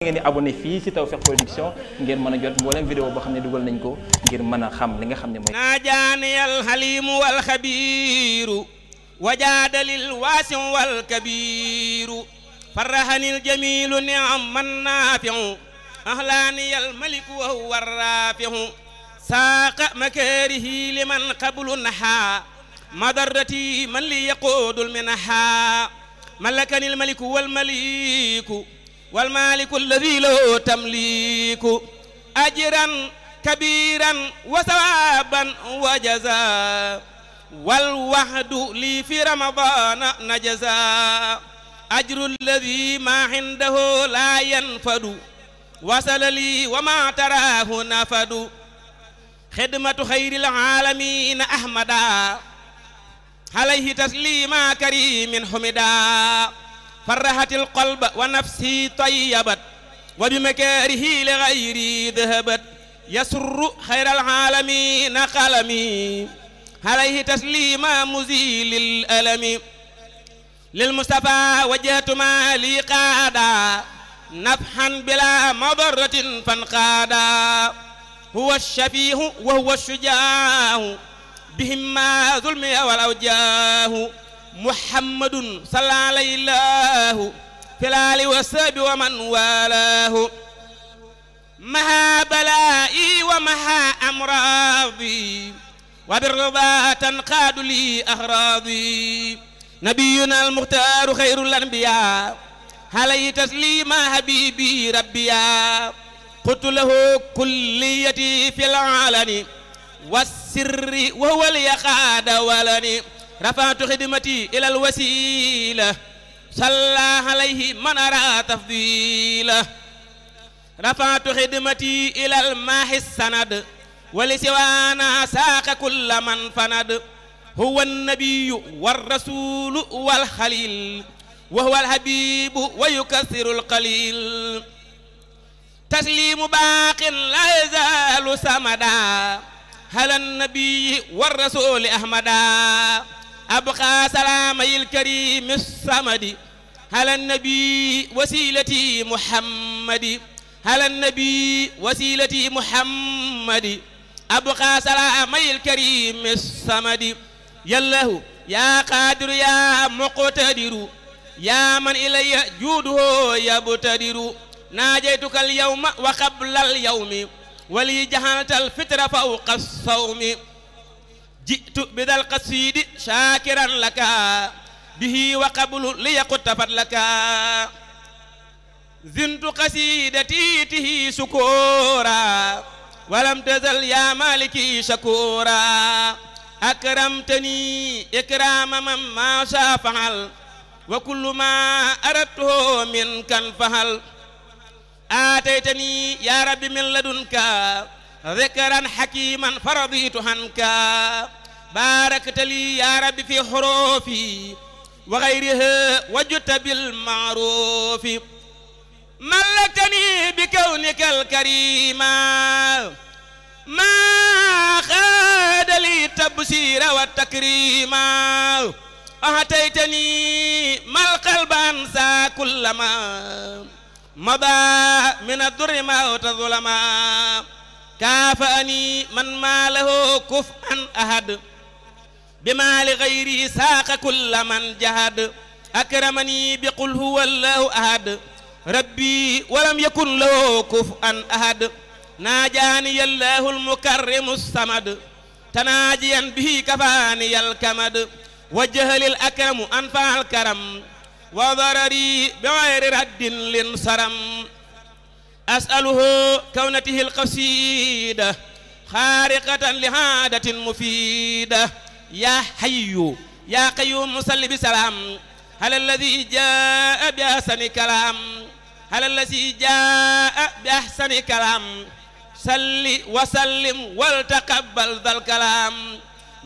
ngeen di abonné fii ci Tawfekh Production ngeen mën a jot mboolem vidéo boo xam ne dugal nañ ko ngir mën a xam li nga xam ne mooy naajaani alxaliimu walxabiiru wajaadalil waasim walkabiiru farahanil jamiilu ni am man naafiu ahlaani almaliku wa huwa raafiu saaqa makaarihi liman qablu nahaa madarati man li yaquudul minahaa malakanil wal maaliku alladi lahu tamliku ajran kabiran wa sawaban wa jaza wal wahdu li fi ramadana najaza ajru alladi ma indahu la yanfadu wasala li wa ma tarahu nafadu xidmatu xayril aalamiina ahmada alayhi taslima karimin humida farrahatil qalba wa nafsi tayyabat wa bi makaarihi li ghayri dhahabat yasurru khayral alamin qalami alayhi taslima muzilil alami lil mustafa wajhatu ma li qaada nafhan bila madaratin fan qaada huwa shafiihu wa huwa shujaahu bihim ma zulmi wal awjaahu محمد صلى عليه الله في الآل والساب ومن والاه مها بلائي ومها أمراضي وبالرضا تنقاد لي أغراضي نبينا المختار خير الأنبياء عليه تسليما حبيبي ربيا قلت له كليتي في العلن والسر وهو ليقاد ولني rafaatu xidmati ilal wasila salla alayhi man ara tafdila rafaatu xidmati ilal maahi sanad wali siwaana saaqa kulla man fanad huwa nabiyu warrasulu walxalil wa huwa alhabibu wa yukassiru alqalil taslimu baaqin laa yazaalu samada ala nabiyi warrasuli ahmada أبقى سلامي الكريم الصمد على النبي وسيلتي محمد على النبي وسيلتي محمد أبقى سلامي الكريم الصمد يا الله يا قادر يا مقتدر يا من إلي جوده يبتدر ناجيتك اليوم وقبل اليوم ولي جهلت الفطر فوق الصوم jitu bi dal qasidi shaakiran laka bihi wa qablu li yaqtafat laka zintu qasidati tihi sukura walam tazal ya maliki shakura akramtani ikrama man ma sha fa'al wa kullu ma aradtuhu min kan fahal aataytani ya rabbi min ladunka dhikran hakiman faraditu hanka باركت لي يا رب في حروفي وغيرها وجدت بالمعروف ملكتني بكونك الكريم ما خاد لي التبصير والتكريم أهتيتني ما القلب أنسى كلما مضى من الدر موت ظلما كافأني من ما له كفءا أحد bi maa li xayrihi saaqa kulla man jahad akramani bi qul huwa allahu ahad rabbi walam yakun lahu kufuwan ahad naajaani allahu almukarrimu samad tanaajiyan bihi kafaani alkamad wa jahalil akramu anfa alkaram wa darari bi gayri raddin lin saram asaluhu kawnatihi alqasida xaariqatan li haadatin mufiida yaa hayyu yaa qayyuum salli bi salaam ala alladi jaa bi ahsani kalaam ala alladi jaa bi ahsani kalaam salli wa sallim wal taqabbal dal kalaam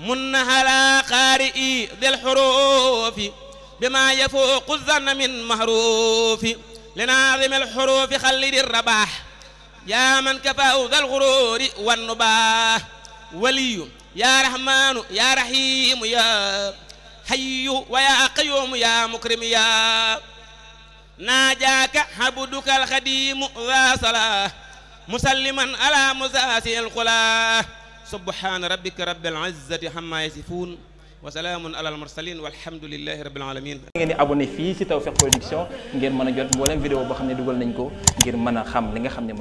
mun ala qaari'i dil xuruufi bima yafuuqu zanna min mahruufi linaazimi al xuruufi xallidi rabaax yaa man kafaahu dal xuruuri wan nubaah waliyu yaa rahmaanu yaa rahiimu yaa hayyu wa yaa qayyuumu yaa mukrimu yaa naajaaka habuduka alxadiimu daa salaa musalliman alaa musaasi alxulaa subhaana rabbika rabbil izzati ammaa yasifuun wa salaamun alal mursaliin walhamdulillaahi rabbil aalamiin. ngeen di abonné fii ci Tawfekh Production ngeen mën a jot mboolem vidéo boo xam ne dugal nañ ko ngir mën a xam li nga xam ne